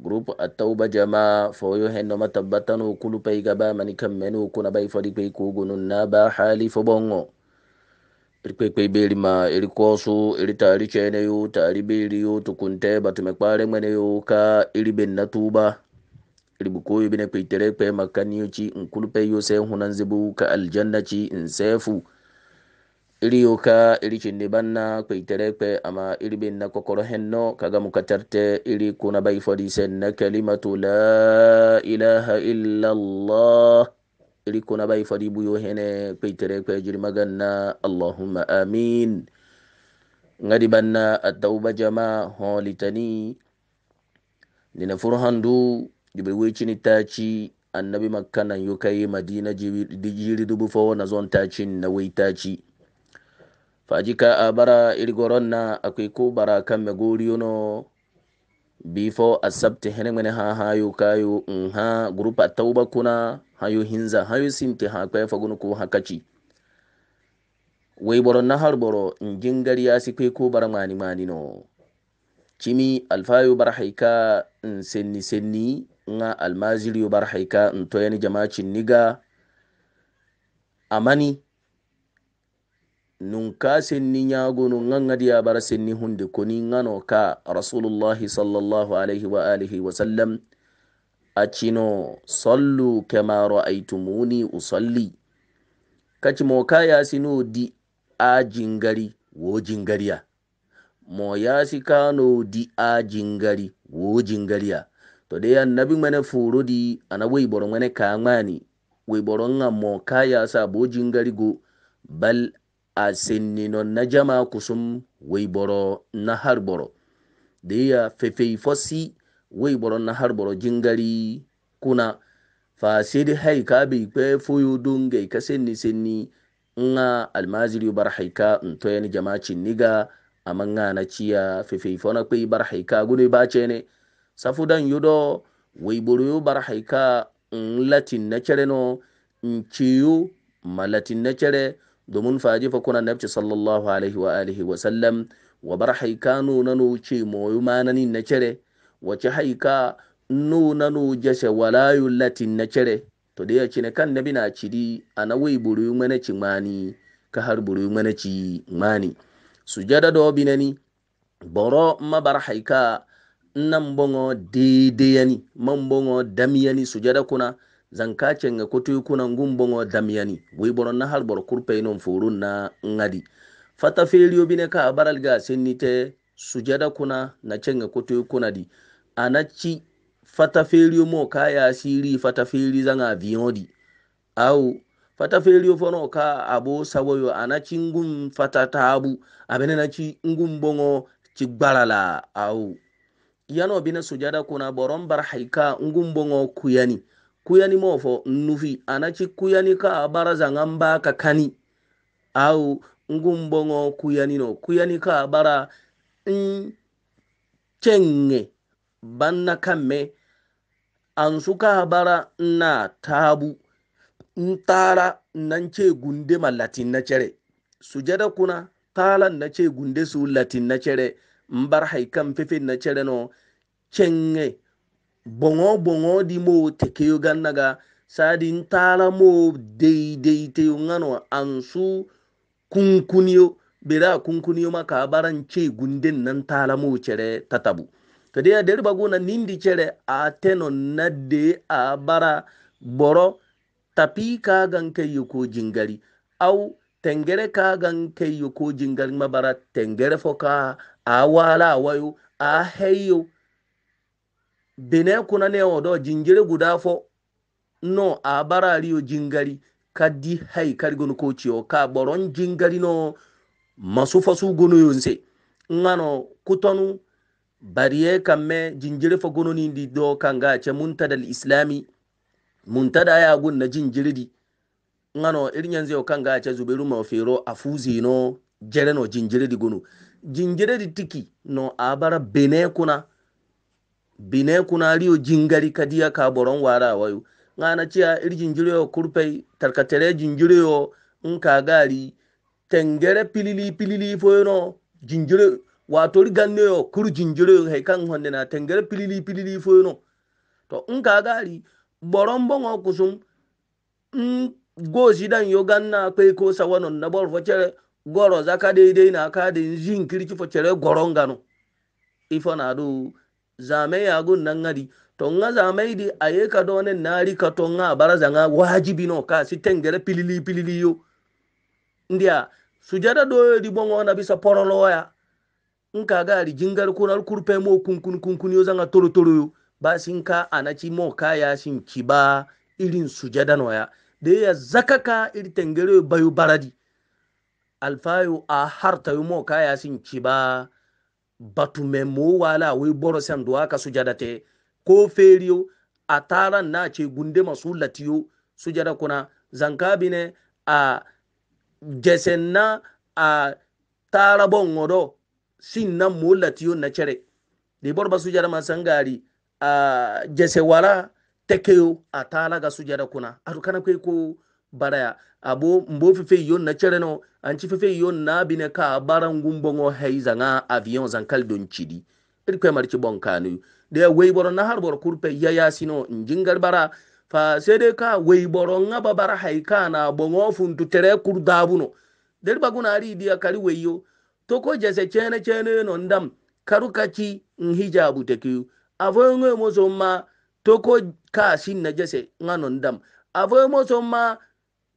group atauba jama foyo hendo matabbatano kulu pay gaba mani kammeno kuna bay fodi pay kugunu na ba hali fo bongo irkwe kwe beri ma irikosu iritari chene yu tari beri yu tukunte batumekware mwene yu ka iriben na tuba iribu kuyu bine kwe tere kwe makani yu chi nkulu pay yu se hunan zibu ka aljanna chi nsefu iriyoka iri cinni banna kpeiterekpe ama iri binna kokoro henno kagamu katarte iri kuna bai fodisenna kalimatu la ilaha illallah iri kuna bai fodi buyo hene kpeiterekpe jirimaganna allahumma amin ngadi banna atauba jama holitani dina furhandu jibe wecini taci annabi makka nan yokaye madina jiri dubu fo na zon tacin na wei taci fajika a bara na akwai ko bara kan me goriyono bifo a sabti hene ha hayo kayo in ha grupa tauba kuna hayo hinza hayo sinti ha kwaya fagun ko hakaci wai baro na harboro in jingari ya si kwai ko bara mani mani no cimi alfayo bar haika in senni senni nga almaziriyo bar haika in toyani jama'acin niga amani nun ka senni yagonu ngangadi yabara senni hunde koni ngano ka rasulullahi salllahu alayhi wa alihi wasallam accino sollu kema raaitumuni usolli kaci mo ka yasino di a jingari wo jingariya mo yasi kano di a jingari wo jingariya to de annabi mane furudi ana weyboro mane kamani weyboro ga mo ka yasa bo jingari go bal a sennino na jama kusum weiboro na harboro deya fefei fosi weiboro na harboro jingari kuna fa sedi hai kabe ikpe foyo dunga ika senni senni nga almaziri bar haika ntoyen jama chinniga ama nga na chiya fefei fona kwe bar haika gune ba chene safudan yudo weiboro yu bar haika latin na chere no nchiyu ma latin na chere no domin faji fa kuna nabci sallallahu alaihi wa alihi wa sallam wa bar haika nunanu ce moyu manani na cire wace haika nuna no jashe walayu latin na cire to da ya ne kan nabi na cidi a nawai buru manaci ci mani ka har buru manaci ci mani sujada da binani boro bar haika nan bongo daidai yani man bongo damiyani sujada kuna zanka cenga kutu kuna damiani damiyani na halboro kurpe ino mfuru na ngadi fata feriyo bine ka baral ga sennite sujada kuna na cenga kutu kuna di anachi fata feriyo mo ka asiri fata feri zanga avion di au fata feriyo fono ka abo sawoyo anachi ngum fata tabu abene naci ngumbongo ci la au yano bine sujada kuna boron bar haika ngumbongo kuyani kuyani mofo nufi anachi kuyani ka baraza ngamba ka kani au ngumbongo kuyani no kuyani ka bara in banna kamme ansu suka bara na tabu ntara nan ce gunde ma latin na cere sujada kuna talan na ce gunde su latin na cere mbar haikan fifin na cere no cenge bongo bongo di mo teke yo gannaga sadi ntara mo daidai te yo ansu kunkuniyo bera kunkuniyo maka baran ce gundin nan tara mo cere tatabu to dai da riba nindi cere a teno na de a bara boro tapi ka gan kai yo jingari au tengere ka gan kai yo ko mabara tengere foka a wala wayo a heyo bine kuna ne odo jingire guda fo no a barari yo jingari kari hay kargon kociyo ka boron jingari no masu fasu gono yonse ngano kutonu bariye kamme jinjire fo gunu nindi do kanga ce muntadal islami muntada ya gun na jinjire di ngano irin yanzu o kanga ce zubairu mafero afuzi no jere no jinjire di gunu jinjire di tiki no abara bene kuna bine kuna riyo jingari ya ka boron wara wayo ngana ciya ir jinjiriyo kurpei tarkatere jinjiriyo nka gari tengere pilili pilili foyono jinjiri wato riganne yo kuru jinjire he kan honde na tengere pilili pilili foyono to nka gari boron bongo kusum n gozi dan yo ganna kai ko sawanon na bor focere goro zaka daidai na ka da yin goron gano ifo na do zame yagun nan ngadi to nga zame di aye ka done nari ka to nga baraza nga wajibi no ka si tengere pilili pilili yo ndia sujada do di bongo na bisa porolo ya nka gari jingar kunar kurpe mo kunkun kun yo zanga toro toro yo ba sin ka anachi mo ka ya sin kiba irin sujada no ya de ya zakaka iri tengere bayu baradi alfayo a harta yo mo ka ya sin kiba batu memo wala wai boro san duwa ka sujada te ko feriyo a taran na ce gunde masu latiyo sujada kuna zankabine a jesen na a tarabon ngodo sin na mo latiyo na cere de bor ba sujada man sangari a jese wala tekeyo a talaga sujada kuna aru kana ko baraya abo mbo fefe yon na chere no anci fefe yon na bine ka baran gumbongo heiza nga avion zankal don chidi edi kwe marichi bon kanu de weiboro na harboro kurpe ya sino njingar bara fa sede ka weiboro nga babara haika na bongo funtu tere kurdabuno deli baguna ari idia kari weyo toko jese chene chene no ndam karukaci nhijabu avo avoyo mozo ma toko ka sin na jese nga no ndam avoyo mozo ma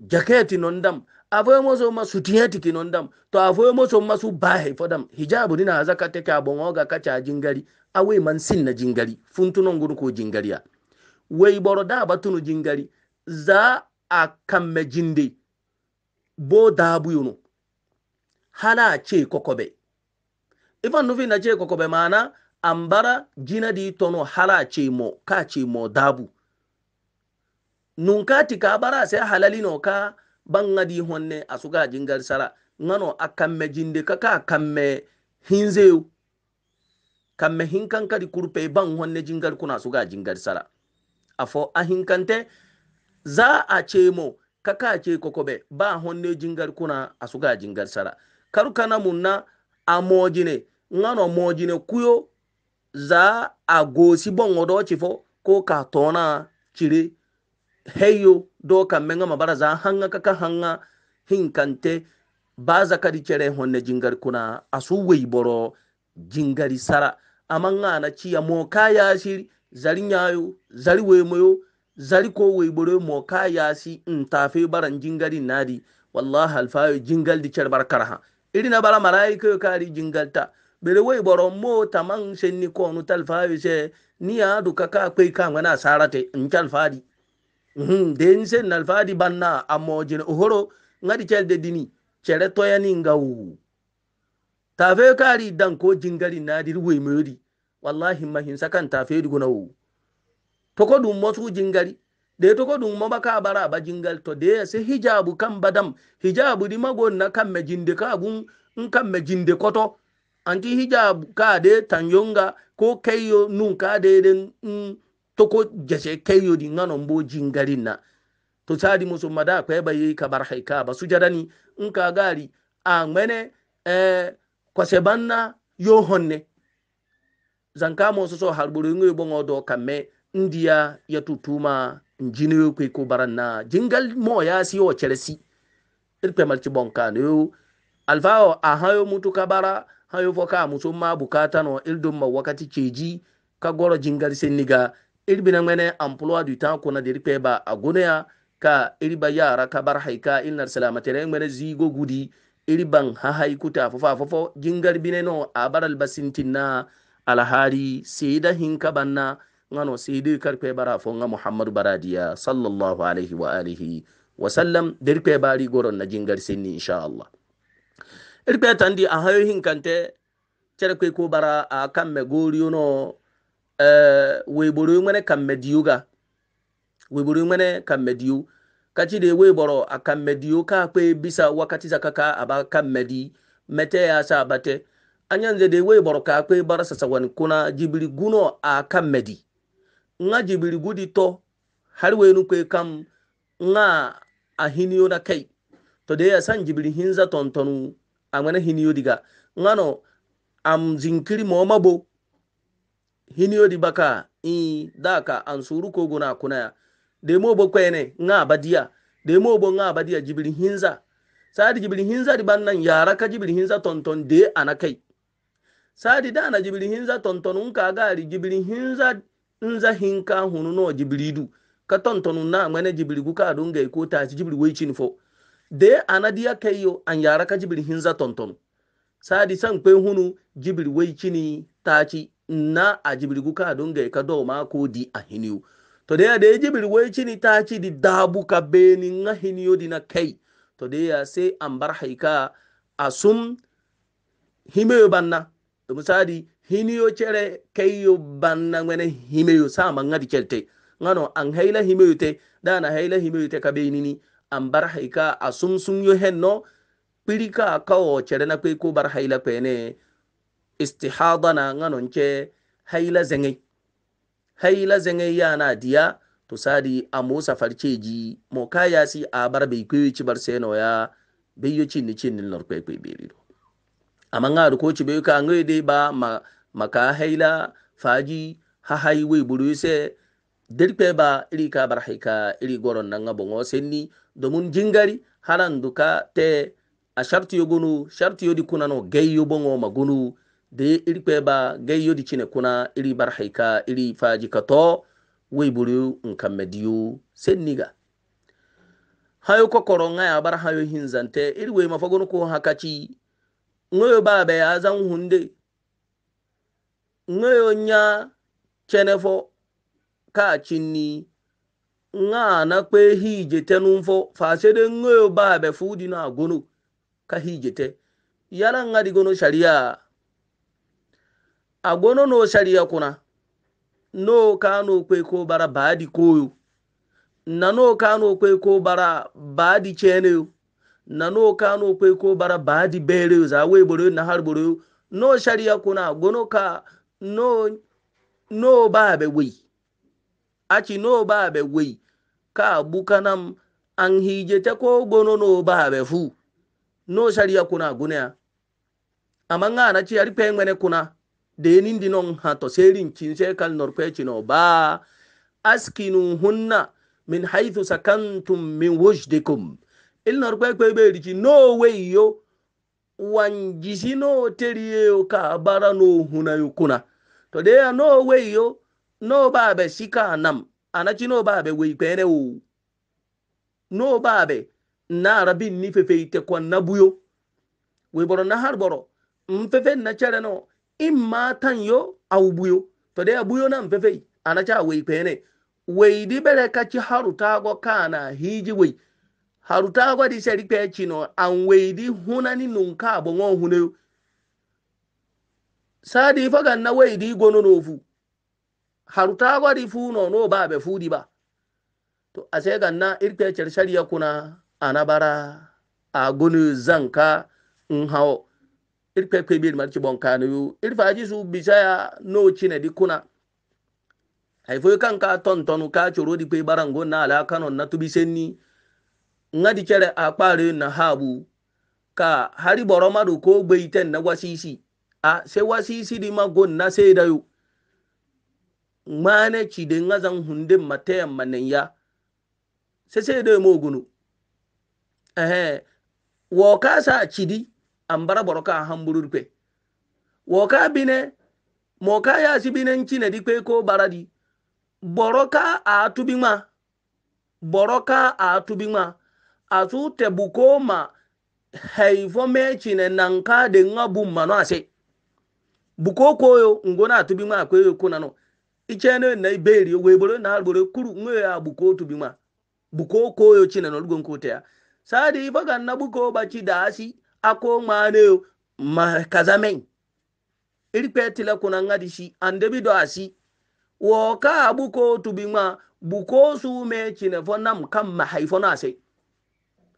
jaketi non dam afoyemo somma sutiyeti kinon dam to afoyemo somma su bahe fodam hijabu dina haza ka bongoga kaca jingari awe man na jingari funtunon gunu ko jingariya wei boro da batunu jingari za a kamme jinde bo dabu yuno hala ce kokobe ifan nufi na ce kokobe mana ambara jina di tono hala ce mo ka ce mo dabu nunka tika bara sai halali no ka banga di honne asuga jingar sara ngano akamme jinde kaka akamme hinzeu kamme hinkan kadi kurpe bang honne jingar kuna asuga jingar sara afo a za a ce mo kaka ce kokobe ba honne jingar kuna asuga jingar sara karkana munna a mojine ngano mojine kuyo za a gosi bon odo chifo ko ka tona cire heyo do mabara za hanga kaka hanga hinkante baza kadi chere honne jingar kuna asu weiboro jingari sara amanga na ciya moka ya asiri zari nyayo zari wemoyo zari ko weiboro moka ya asi ntafe baran jingari nadi wallahi alfayo jingal di chere barkara ha na bara malaika kari jingalta bere weiboro mo tamang senni konu talfayo se niya adu ka kwe kamga na sarate ncalfadi nden uhm, sen nalfaadi banna ammojene o horo ŋadi celde dini cere toyani ngawu tafe kaari dan ko jingari naadiri woymoyodi wallahi mahin sakan tafeedi gunawu toko dum mosu jingari de toko dum moba ka bara ba jingal to de se hijabu kam badam hijabu di mago na kam me jinde ka bun in kam me jinde koto anti hijabu ka de tanyonga ko kayo nun ka de den mm, to ko jese kayo di ngano mbo jingarin na to sadi musu mada ko ba yi kabar haika ba su jadani in ka gari a mene eh kwase banna yo honne zanka mo so so harburu ngoy bo ngodo kamme ndiya ya tutuma njini ko ko baranna jingal mo ya si o cheresi irpe malci bonka ne alfao a hayo mutu kabara hayo foka musu ma bukata no ildum ma wakati ceji ka goro jingal seniga iri bi na ŋmene emploi du temps kuna diri kpe ba a gunaya ka iri ba yara ka bar hay ka ilna salama tere ŋmene zigo gudi iri ban hahay kuta a fofo a fofo jingar bine no a baral ba sintin na alhari seda hin ka ban na ŋano sedir kar kpe bara fo ŋa muhammadu baradiya sallallahu alaihi wa alihi wasallam diri kpe bari goron na jingar sinni insha allah iri kpe tandi a hayo hin kante cere kwe ko bara a kamme goriyo no Eh, weiboro mene kan diyo ga weboro ŋmene kamme diyo kaci de weboro a kamme diyo ka kpe bisa wakati za kaka aba kamme medi mete ya sa bate anyanze de weboro ka kpe bara sasawan kuna jibiri guno a kamme di nga jibiri gudi to har wenu kwe kam nga a hiniyo na kai to de ya san jibiri hinza tontonu a mana hiniyo diga ŋano am zinkiri mo mabo hiniyo di baka i daka ansuru ko guna kuna ya demo bo kwene nga badiya demo bo nga badia jibril hinza sadi jibril hinza di bannan yara ka jibril hinza tonton de anakai sadi na jibril hinza tonton unka gari jibril hinza nza hinka hunu no jibridu ka tonton na mane jibril guka dunga ko ta jibril wai fo de anadiya kayo an yara ka jibril hinza tonton sadi san kwe hunu jibril wai chini na a jibiri guka a dunga ika do ma ko di a hiniyu to dai da jibiri wai cini ta ci di dabu ka be ni nga hiniyu di na kai to dai ya sai an bar haika a sun himeyo banna to misali hiniyo cere kai yo banna ngene himeyo sa ma nga di celte ngano an haila himeyo te da na haila himeyo te ka be ni ni an bar haika a sun sun yo henno pirika ka o cere na kai ko bar haila pene ne istihada na nganon ke haila zengai haila zengai na diya to sadi a musa farceji mo kaya si a bar bai kuyi ci bar seno ya bai yi cin cin nil nor kwai kwai beri do amma ngar ko ci bai ka ngai dai ba maka haila faji ha hai wai buru dirpe ba iri ka bar haika iri goron nan ga bongo senni domin jingari haran duka te a sharti yo gunu sharti yo di kunano gayyo bongo magunu de iri ga iyo di cine kuna iri bar haika iri faji kato wai buri in kamme diyo sen niga hayo ha ngaya bar hayo hinzante iri wai ha ko hakaci ngoyo babe ya zan hunde ngoyo nya cenefo ka cinni nga na kwe hije tenumfo fasede ngoyo babe fudi na gono ka hije yala ngadi gono sharia agono no ya kuna no kano kwe ko bara baadi koyo nano kano kwe ko bara na cheneyo nano kano kwe ko bara baadi bereyo za we boro na har boro no shari'a kuna gono ka no no babe wei aci no babe wei ka bukanam an hijete ko gono no babe fu no ya kuna gunea amma ngana ci ari pengwene kuna denin dinon ha to serin kinse kal norpe chino ba askinu hunna min haythu sakantum min wujdikum il norpe kwe be riki no way yo wanjisi no teriye yo ka bara no huna yukuna to de ya no way yo no ba be sika nam anaci no ba be we pere o no ba be na rabin ni fefe ite kwa nabuyo we boro na har boro mfefe na chere no imma tan yo aw buyo to de buyo nan fefe anacha wey pene wei di bere kachi harutago kana hiji wey harutago di seri pe chino an wey di hunani nunka bo ngon huneyo sadi fagan na wei di gono no fu harutago di fu no no ba be fu di ba to ase ganna irpe cer sariya kuna anabara a gonu zanka in hawo irkwe kwe bir marci bon kanu yu irfa ji su bisaya no cine di kuna haifo kan ka ton tonu ka di kwe barango na ala kanon na tubi senni nga di kere na habu ka hari boro madu ko gbe iten na wasisi a se wasisi di mago na se da yu mane ci de nga zan hunde mate manen ya se se de mo gunu eh wo ka sa ci di ambara ka boroka hamburu rukpe woka bine moka ya si bine nchine di kwe ko ka boroka atubima ka atubima asu tebuko ma haifo mechine na nka de nga bu mmanụ ase buko koyo ngona atubima akweyo kunano ichene na iberi wegboro na alboro kuru nwe ya buko tubima buko koyo chine no lugo nkote ya sadi ifaga nna buko bachi dasi da akoŋmaneo ma kazameŋ irikpe tila kuna ŋadisi andebi do asi wo ka buko tubi ŋma buko sume cine fo nam kamma hay na ase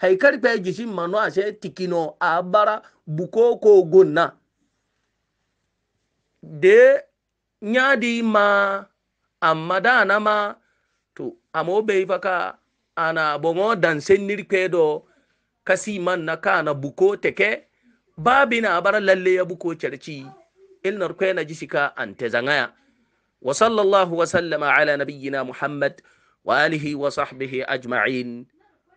hay karikpe gisi mano ase tikino a bara buko ko gonna de nyadi ma amma dana ma to amo bei faka ana boŋo dansen nirikpe kasi man na kana buko teke babi na bara lalle ya buko charci ilnar kwena jisika ante zangaya wa sallallahu wa sallama ala nabiyyina muhammad wa alihi wa sahbihi ajma'in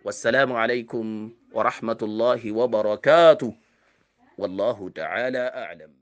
wassalamu alaikum wa rahmatullahi wa barakatuh والله تعالى أعلم